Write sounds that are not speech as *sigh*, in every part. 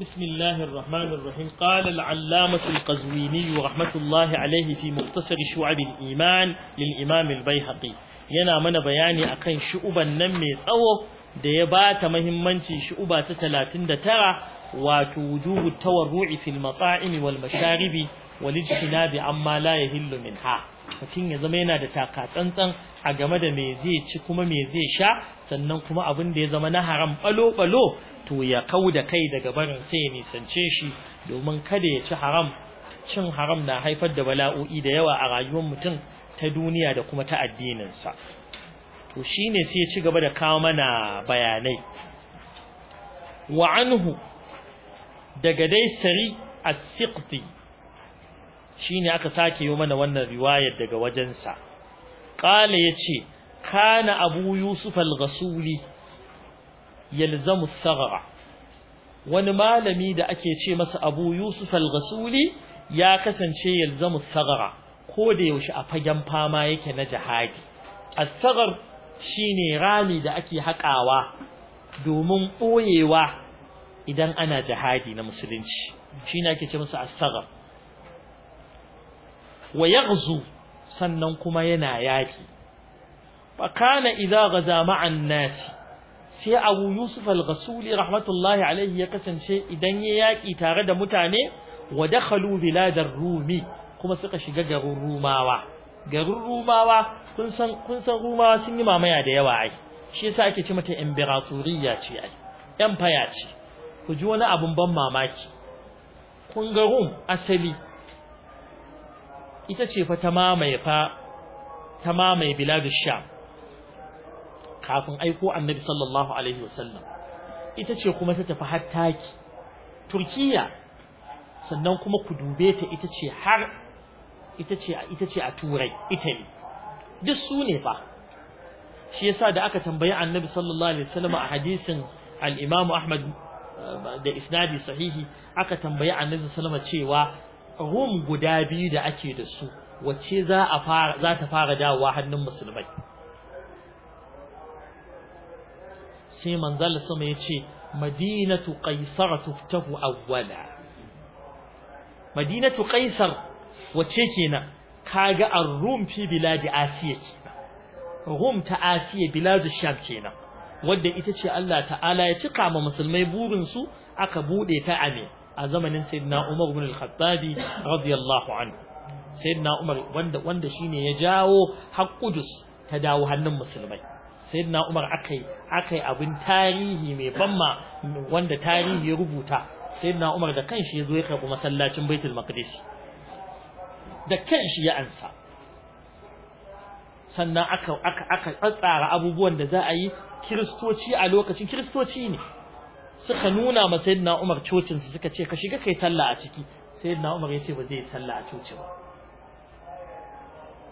بسم الله الرحمن الرحيم قال العلامة القزويني رحمة الله عليه في مختصر شعب الإيمان للإمام البيهقي yana mana bayani akan shu'uban nan mai tsawo da ya bata muhimmanci shu'uba ta tara. wato wujubu tawarru'i fil mata'im wal masharibi wal ijtinab amma la yahillu minha mutum ya zama yana da taka tsantsan a game da me zai ci kuma me zai sha sannan kuma abin da ya zama na haram balo balo to ya kau da kai daga barin sai ya nisance shi domin kada ya ci haram cin haram na haifar da bala'o'i da yawa a rayuwar mutum ta duniya da kuma ta addininsa to shine sai ya ci gaba da kawo mana bayanai wa anhu daga dai sari as-siqti shine aka sake yi mana wannan riwayar daga wajensa qala yace kana abu yusuf al-ghasuli yalzamu as wani malami da ake ce masa abu yusuf al-ghasuli ya kasance yalzamu sagara ko da yaushe a fagen fama yake na jihadi as-sagar shine rami da ake haƙawa domin ɓoyewa idan ana jihadi na musulunci shine ake ce masa as-sagar wa yaghzu sannan kuma yana yaki fa kana idza ghaza ma'an nasi sai Abu Yusuf al-Ghasuli rahmatullahi alaihi ya kasance idan ya yaƙi tare da mutane wa dakhalu biladar Rumi kuma suka shiga garin Rumawa garin Rumawa kun san kun san Rumawa sun yi mamaya da yawa ai shi yasa ake ce mata imperatoriya ce ai empire ce ku ji wani abun ban mamaki kun ga Rum asali ita ce fa ta mamaye fa ta mamaye biladush Sham kafin aiko annabi sallallahu alaihi wasallam ita ce kuma ta tafi har taki turkiya sannan kuma ku dube ta ita ce har ita ce ita ce a turai italy duk su ne fa shi yasa da aka tambayi annabi sallallahu alaihi wasallam a hadisin al-imam ahmad eh, da isnadi sahihi aka tambayi annabi sallallahu sallama cewa rum guda biyu da ake da su wace za a fara za ta fara dawowa hannun musulmai sai Manzala sama ya ce madinatu qaisar tuftahu awwala madinatu Kaisar wace kenan kaga ar-rum biladi asiya rum ta asiya biladu sham kenan wadda ita ce Allah ta'ala ya cika ma musulmai burin su aka bude ta ame a zamanin sayyidina Umar ibn al-Khattabi radiyallahu anhu sayyidina Umar wanda wanda shine ya jawo haqqudus ta dawo hannun musulmai sayyidina Umar akai akai abin tarihi mai banma wanda tarihi ya rubuta sayyidina Umar da kanshi yazo ya karbi masallacin Baitul Maqdis da kanshi ya ansa sannan aka aka aka tsatsara abubuwan da za a yi kiristoci a lokacin kiristoci ne suka nuna ma sayyidina Umar cocin su suka ce ka shiga kai talla a ciki sayyidina Umar ya ce ba zai talla a coci ba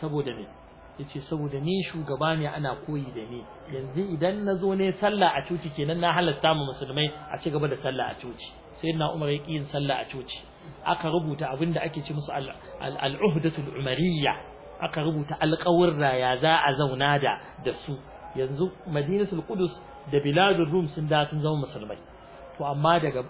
saboda me yace saboda ni shugaba ne ana koyi da ni yanzu idan nazo ne sallah a coci kenan na halasta mu musulmai a ci gaba da sallah a coci sayyidina Umar ya yin sallah a coci aka rubuta abinda ake ci musu al-uhdatul umariyya aka rubuta alƙawurra ya za a zauna da da su yanzu Madinatul Qudus da Biladul Rum sun da sun zama musulmai to amma daga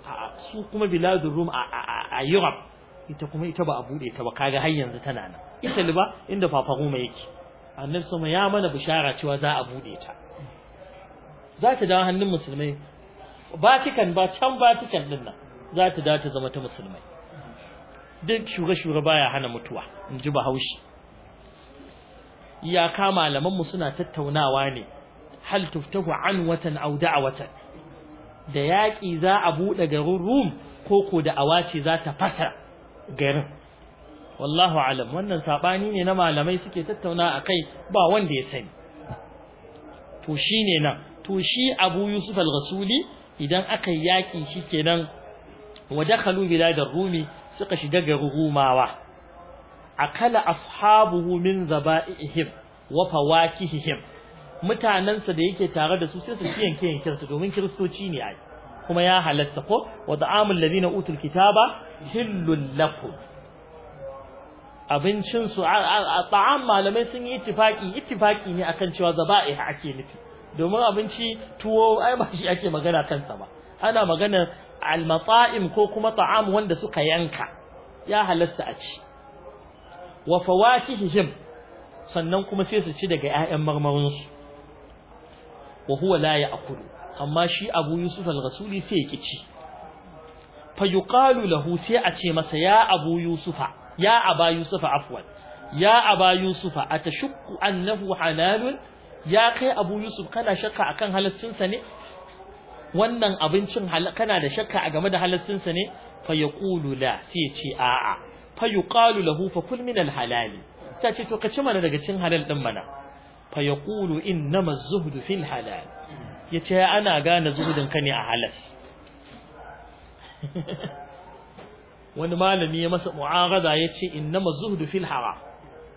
su kuma Biladul Rum a Europe ita kuma ita ba a bude ta ba kaga har yanzu tana nan ita liba inda fafaroma yake annabi sama ya mana bishara cewa za a bude ta za ta dawo hannun musulmai Batikan ba can batikan din nan za ta dawo ta zama ta musulmai duk shure-shure baya hana mutuwa in ji bahaushe malaman mu suna tattaunawa ne hal tuftahu an watan aw watan. da yaƙi za a bude garin Rum ko ko da awace za ta fasa garin wallahu alam wannan sabani ne na malamai suke tattauna akai ba wanda ya sani to shine nan to shi Abu Yusuf al-Rasuli idan aka yaki shikenan wa dakhalu biladar rumi suka shiga garin akala ashabuhu min zaba'ihim wa fawakihihim mutanansa da yake tare da su sai su yanke yankin domin kristoci ne ai kuma ya halatta ko wa da'amul ladina utul kitaba hillul lakum abincin su ta'am malamai sun yi itifaki. Itifaki ne akan cewa zaba zaba'iha ake nufi domin abinci tuwo ai ba shi ake magana kansa ba ana magana al-mata'im ko kuma ta'am wanda suka yanka ya halasta a ci wa hihim, sannan kuma sai su ci daga 'ya'yan marmarinsu wa huwa la ya'kulu amma shi Abu Yusuf al-Rasuli sai ya kici fa yuqalu lahu sai a ce masa ya Abu Yusufa ya aba yusufa afwan ya aba yusufa atashukku annahu halalun ya kai abu yusuf kana shakka akan halaccinsa ne wannan abincin kana da shakka a game da halaccinsa ne fa yaqulu la sai ya ce a'a fa yuqalu lahu fa kul min al halali sai ce to ka ci mana daga cin halal din mana fa yaqulu innama az-zuhdu fil halal yace ana gane zuhudin ka ne a halas wani malami ya masa mu'arada ya ce innama zuhudu fil haram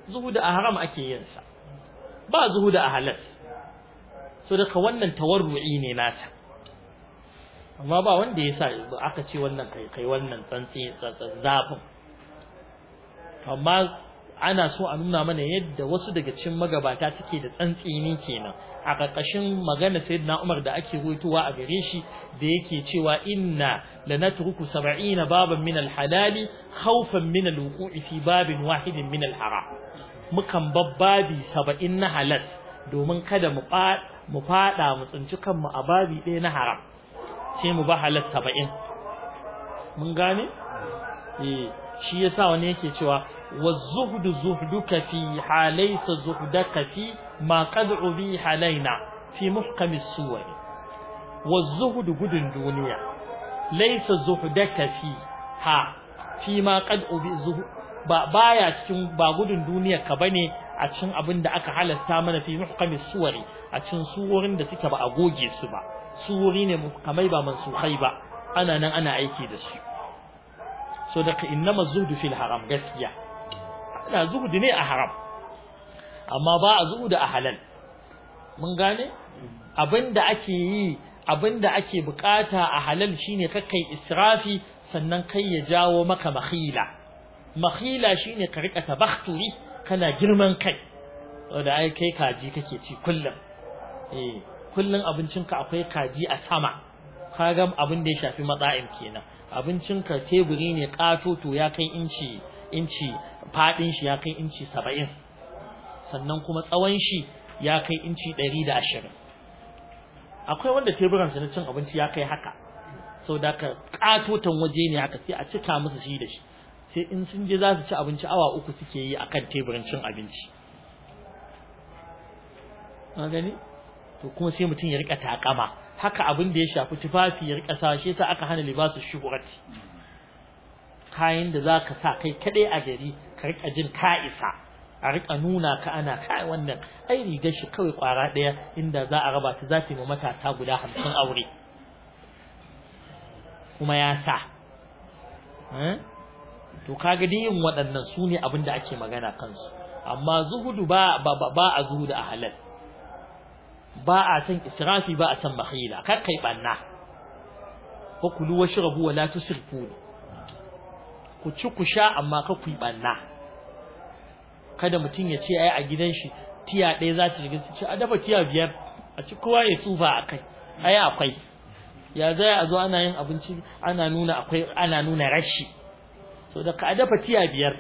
zuhudu a haram ake yin sa ba zuhudu a halas so daga wannan tawarru'i ne nasa amma ba wanda ya sa aka ce wannan kai kai wannan tsantsi zafin amma ana so a nuna mana yadda wasu daga cikin magabata suke da tsantsini kenan a ƙarƙashin magana sayyidina Umar da ake ruwaitowa a gare shi da yake cewa inna lanatruku 70 baban min alhalali, khawfan min alwuqu'i fi babin wahidin min alharam mukan babbabi 70 na halas domin kada mu mu fada mu tsinci kanmu a babi ɗaya na haram sai mu ba halas 70 mun gane eh shi yasa wani yake cewa والزهد زهدك فيها ليس زهدك في ما قد عبيح علينا في محكم السور والزهد قد دنيا ليس زهدك فيها فيما قد Ba baya cikin ba gudun duniya ka bane a cikin abin da aka halatta mana fi muhkami suwari a cikin suworin da suka ba a goge su ba suwori ne muhkamai ba mansukhai ba ana nan ana aiki da su so daga innama zuhdu fil haram gaskiya na zuhudi ne a haram amma ba a zuhudi a halal mun gane abinda ake yi abinda ake bukata a halal shine kakkai israfi sannan kai ya jawo maka makhila makhila shine ka rika tabakhturi kana girman kai da ai kai kaji kake ci kullum eh kullum abincinka akwai kaji a sama kaga abin da ya shafi matsayin kenan abincinka teburi ne kato to ya kai inci inci faɗin shi ya kai inci 70 sannan kuma tsawon shi ya kai inci 120 akwai wanda teburan sa na cin abinci ya kai haka sau da ka katotan waje ne haka sai a cika musu shi da shi sai in sun je za su ci abinci awa uku suke yi akan teburin cin abinci an gani to kuma sai mutum ya rika takama haka abin da ya shafi tufafi ya rika sa shi yasa aka hana libasu shuhurati kayan da za ka sa kai kaɗai a gari ka rika jin ka isa a rika nuna ka ana kai wannan ai rigar shi kawai kwara daya inda za a raba ta za ta yi matasa guda hamsin aure kuma ya sa eh? to kaga dai waɗannan su ne abin da ake magana kansu amma zuhudu ba ba a zuhudu a halal ba a san israfi ba a san mahila kar kai banna ko kulu washrabu wala tusrifu ku ci ku sha amma ka ku yi banna kada mutum ya ce ai a gidan shi tiya ɗaya za ta shiga su ce a dafa tiya biyar a ci kowa ya tsufa a kai ai akwai ya zai a zo ana yin abinci ana nuna akwai ana nuna rashi so da ka dafa tiya biyar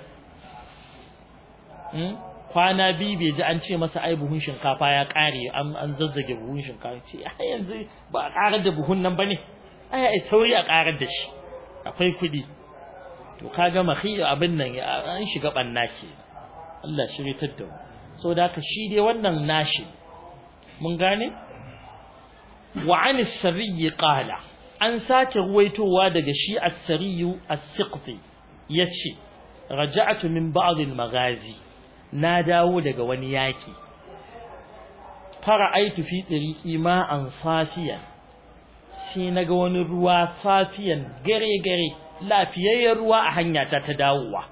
hmm? kwana biyu bai ji an ce masa ai buhun shinkafa ya kare an zazzage buhun shinkafa ce ai yanzu ba a karar da buhun nan bane ai ai sauri a karar da shi akwai kuɗi to kaga mahi abin nan an shiga banna ke Allah shirye tadda so da ka shi dai wannan nashi mun gane wa an sarri qala an sake ruwaitowa daga shi as-sarri as-siqfi yace raja'tu min ba'd al-maghazi na dawo daga wani yaki fara'aitu fi tsiriki an safiya sai naga wani ruwa safiyan gare gare lafiyayyen ruwa a hanya ta ta dawowa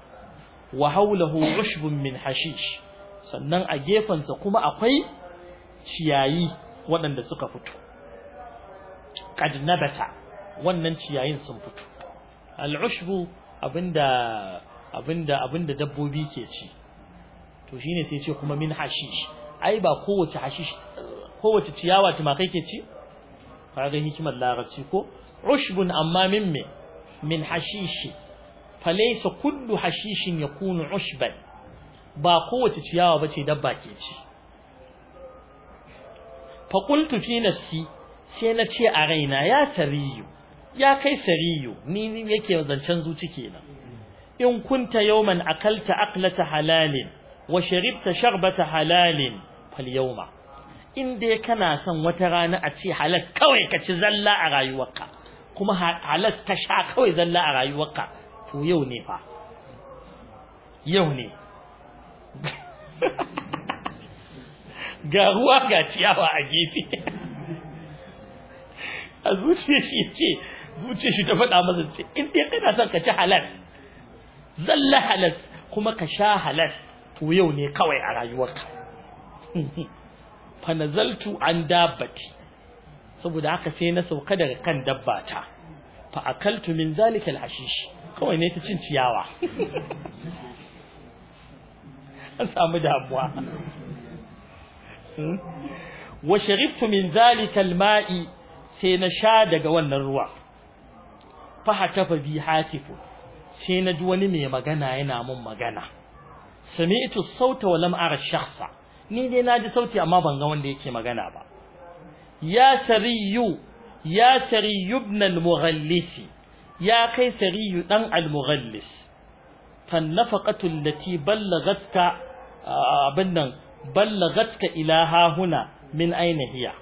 wa haulahu ushbun min hashish sannan a sa kuma akwai ciyayi waɗanda suka fito kad nabata wannan ciyayin sun fito al-ushbu abinda abinda abinda dabbobi ke ci to shine sai ce kuma min hashish ai ba kowace hashish kowace ciyawa tumakai ke ci kaga hikimar larabci ko ushbun amma min me min hashishi falaisa kullu hashishin yakunu ushban ba kowace ciyawa bace dabba ke ci fa qultu fi nafsi sai na ce a raina ya sariyu ya kai sariyu ni yake zancen zuci kenan in kunta yawman akalta aqlata halalin wa sharibta sharbata halalin fal yawma in dai kana son wata rana a ce halal kawai ka ci zalla a rayuwarka kuma halas ka sha kawai zalla a rayuwarka to yau ne fa yau ne *laughs* ga ruwa ga ciyawa a gefe *laughs* a zuciyar shi ce zuciyar shi ta faɗa masa ce in dai kana son ka ci halal zalla halal kuma ka sha halal to yau ne kawai a rayuwarka *laughs* fa nazaltu an dabbati saboda haka sai na sauka daga kan dabba ta fa akaltu min zalikal hashish kawai ne ta cin ciyawa *laughs* an samu damuwa hmm? wa sharibtu min zalikal ma'i sai na sha daga wannan ruwa fa hatafa bi hatifu sai na ji wani mai magana yana mun magana sami'tu sauta wa lam ara shakhsa ni dai na ji sauti amma ban ga wanda yake magana ba ya sariyu ya sariyu ibn al-mughallis ya kai sariyu dan al-mughallis fan nafaqatu allati ballagatka abin nan ballagatka ilaha huna min aina hiya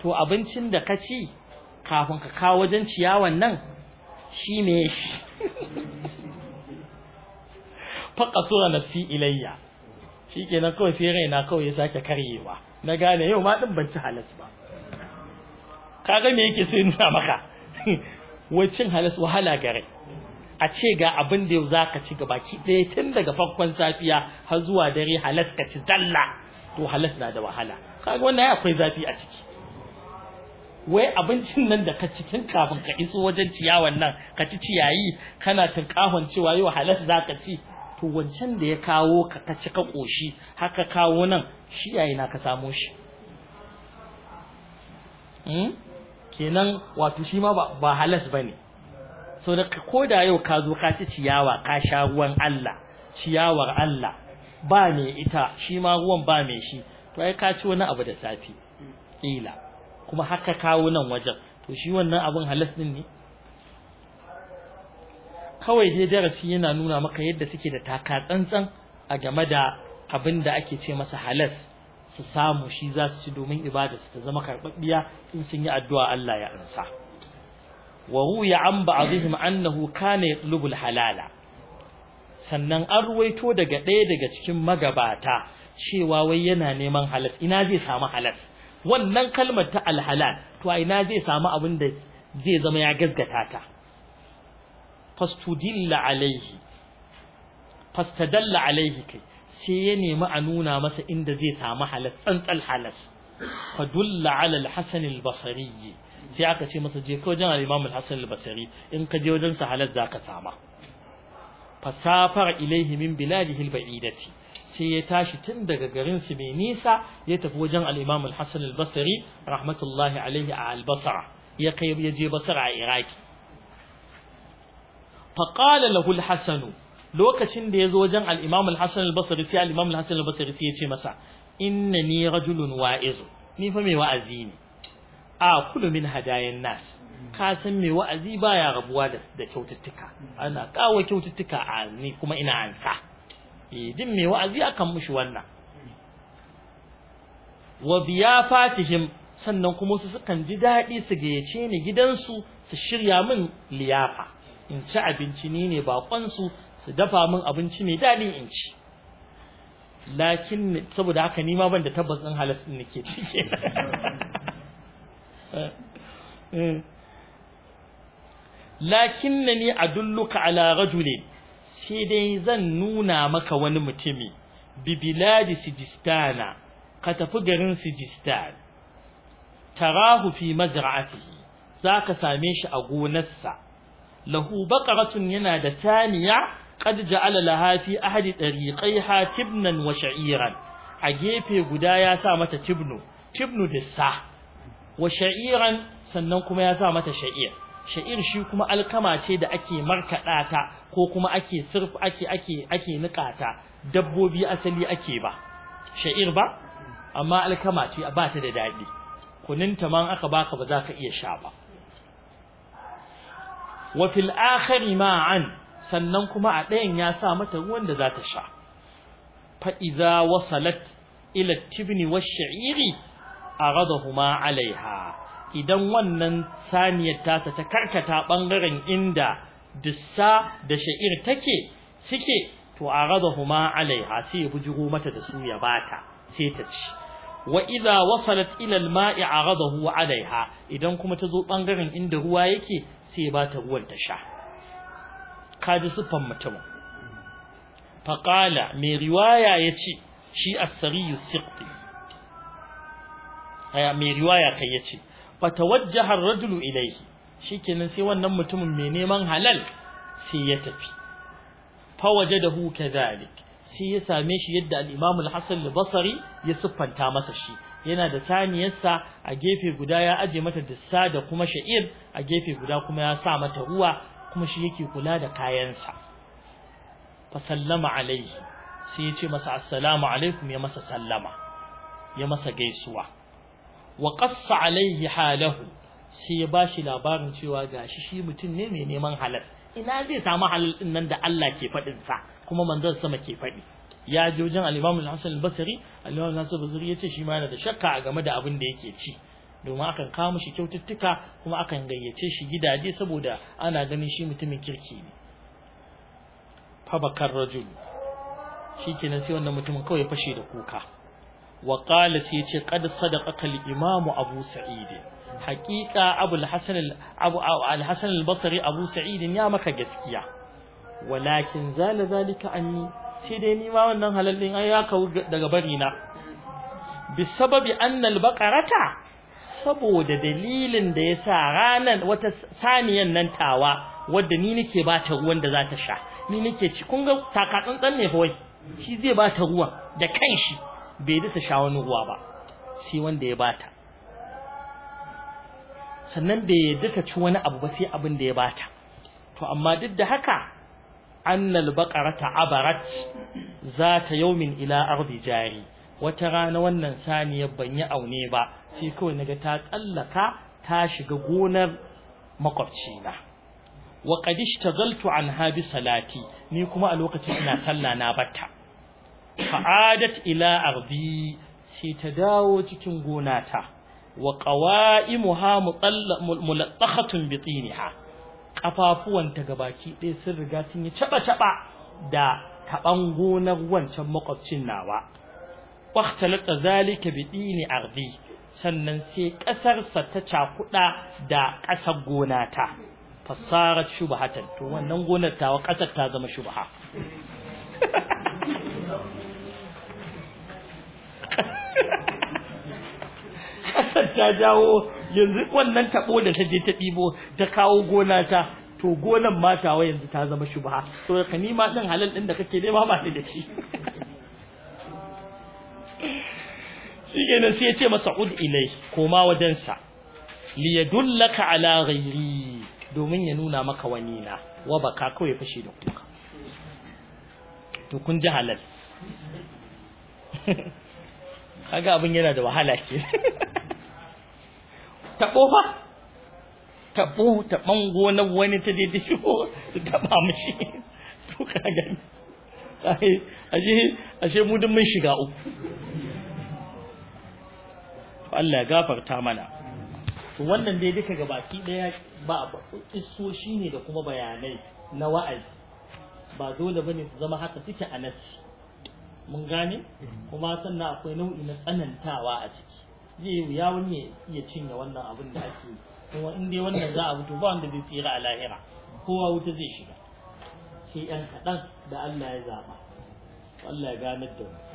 to abincin da ka ci kafin ka kawo wajen ciyawan nan shi ne shi *laughs* faƙa sura nafsi ilayya shi kenan kawai sai raina kawai ya sake karyewa na gane yau ma ɗin ban ci halas ba kaga me yake so nuna maka *laughs* wai cin halas wahala gare a ce ga abin da yau ka ci gabaki ɗaya tun daga farkon safiya har zuwa dare halas ka ci zalla to halas na da wahala kaga wannan akwai zafi a ciki wai abincin nan da ka ci tun kafin ka iso wajen ciyawan nan ka ci ciyayi kana tunkahon cewa yau halas za ka ci to wancan da ya kawo ka ka cika koshi haka kawo nan shi yayi na ka samo shi hmm? kenan wato shi ma ba halas bane so da ko da yau ka zo ka ci ciyawa ka sha ruwan Allah ciyawar Allah ba ne ita shi ma ruwan ba mai shi to ai ka ci wani abu da safi kila kuma haka kawo nan wajen to shi wannan abin halas din ne kawai dai darasi yana nuna maka yadda suke da taka tsantsan a game da abin da ake ce masa halas su samu shi za su ci domin ibada su ta zama karɓaɓɓiya in sun yi addu'a Allah ya ansa wa ruya an ba'dihim annahu kana yatlubul halala sannan an ruwaito daga ɗaya daga cikin magabata cewa wai yana neman halas ina zai samu halas wannan kalmar ta alhalal to a ina zai samu abin da zai zama ya gaskata ta fastudilla alaihi fastadalla alaihi kai sai ya nemi a nuna masa inda zai samu halas tsantsal halas fadulla ala al-hasan sai aka ce masa je ka wajen al-imam al-hasan al-basri in ka je wajen sa halas zaka sama fasafara ilaihi min biladihi al-ba'idati sai ya tashi tun daga garin su mai nisa ya tafi wajen al-imam al-hasan al-basri rahmatullahi alaihi a al-basra ya kai ya je basra a iraki faƙala lahul lokacin da ya zo wajen al'imam al-hassan sai al'imam al-hassan sai ya ce masa inna ni rajulun wa'izu ni fa mai wa'azi ne a kullu min hadayan nas ka san mai wa'azi baya rabuwa da da kyaututtuka ana kawo kyaututtuka a ni kuma ina ansa eh din mai wa'azi akan mushi wannan wa biya fatihim sannan kuma su sukan ji daɗi su gayyace ni gidansu su shirya mun liyafa in ci abinci ni ne baƙonsu su dafa min abinci mai daɗi in ci lakin saboda haka ni ma ban da tabbas ɗin halas ɗin nake ci *laughs* eh, eh. lakin na ni a dulluka ala rajulin sai dai zan nuna maka wani mutumi bibiladi sijistana ka tafi garin sijistan tarahu fi mazra'atihi zaka same shi a gonarsa lahu baqaratun yana da taniya qad ja'ala laha fi ahadi tariqai tibnan wa sha'iran a gefe guda ya sa mata tibnu tibnu da sa wa sha'iran sannan kuma ya sa mata sha'ir sha'ir shi kuma alkama ce da ake markaɗa ta ko kuma ake surf ake ake ake nikata dabbobi asali ake ba sha'ir ba amma alkama ce ba ta da daɗi kuninta man aka baka ba za ka iya sha ba wa fil akhari ma'an sannan kuma a ɗayan ya sa mata ruwan da za ta sha fa idza wasalat ila tibni wash-sha'iri aghadahuma 'alayha idan wannan saniyar tasa ta karkata bangaren inda dissa da sha'ir take suke to aghadahuma 'alayha sai ya bujigo mata da su ya bata sai ta ci وإذا وصلت إلى الماء عرضه idan kuma ta zo بانغرين inda ruwa yake sai ya bata ruwan ta sha kaji sufan mutumin faqala mai riwaya yace shi as-sariyu siqti aya mai riwaya kai yace fatawajjaha ar-rajulu ilayhi shikenan sai wannan mutumin mai neman halal sai ya tafi fawajadahu kadhalik sai ya same shi yadda al-imam al-hasan al-basri ya siffanta masa shi yana da saniyarsa a gefe guda ya aje mata dissa da kuma sha'ir a gefe guda kuma ya sa mata ruwa kuma shi yake kula da kayansa fa sallama alaihi sai ya ce masa assalamu alaikum ya masa sallama ya masa gaisuwa wa qassa alaihi halahu sai ya bashi labarin cewa gashi shi mutum ne mai neman halal ina zai samu halal din nan da Allah ke faɗin sa kuma manzon sama ke faɗi ya je wajen al-Imam al-Hasan al-Basri al-Imam hasan al-Basri yace shi ma yana da shakka a game da abin da yake ci domin akan kawo mishi kyaututtuka kuma akan gayyace shi gidaje saboda ana ganin shi mutumin kirki ne fa bakar rajul shikenan sai wannan mutumin kawai fashe da kuka wa qala sai yace qad sadaqaka al-Imam Abu Sa'id haqiqa Abu al-Hasan Abu al-Hasan al-Basri Abu Sa'id ya maka gaskiya walakin zala zalika anni sai dai ni ma wannan halallin din ai ya kawo daga bari na bisababi annal baqarata saboda dalilin da yasa ranan wata saniyan nan tawa wadda ni nake ba ta ruwan da za ta sha ni nake ci kun ga taka tsantsan ne fa wai shi zai ba ta ruwa da kanshi bai da sha wani ruwa ba sai wanda ya bata sannan bai yadda ta ci wani abu ba sai abin da ya bata to amma duk da haka annal baqarata abarat zata yawmin ila ardi jari wata rana wannan saniyar ban yi aune ba sai kawai naga ta tsallaka ta shiga gonar makwabci na wa qad ishtagaltu anha bi salati ni kuma a lokacin ina sallah na batta fa'adat ila ardi sai ta dawo cikin gonata wa qawaimuha mulattahatun bi tiniha kafafuwanta gabaki ɗaya sun riga sun yi caɓa caɓa da taɓan gonar wancan makwabcin nawa waqtalata zalika bi dini ardi sannan sai ƙasarsa ta cakuɗa da ƙasar gona ta fasarat shubhatan to wannan gonar tawa ƙasar ta zama shubha *laughs* ƙasar ta jawo yanzu wannan tabo da ta je ta ɗibo ta kawo gona ta to gonan matawa yanzu ta zama shubha to ka nima din halal din da kake nema ba da shi shi nan sai ya ce masa ud ilai koma wajensa li yadullaka ala ghairi domin ya nuna maka wani na wa baka kawai fashe da kuka to kun ji halal *laughs* kaga abin yana da wahala ke *laughs* Taɓo fa taɓo taban gonar wani ta daidai shigo su taɓa mashi to ka gani ashe ashe mu mun shiga uku Allah ya gafarta mana wannan dai duka baki ɗaya ba iso shi ne da kuma bayanai na wa'azi ba dole bane su zama haka suke a nasi mun gane kuma sannan akwai nau'i na tsanantawa a ciki zai wuya wani ya cinye wannan abin da ake kuma in dai wannan za a fito ba wanda zai tsira a lahira kowa wuta zai shiga sai yan kaɗan da Allah ya zaba Allah ya ganar da mu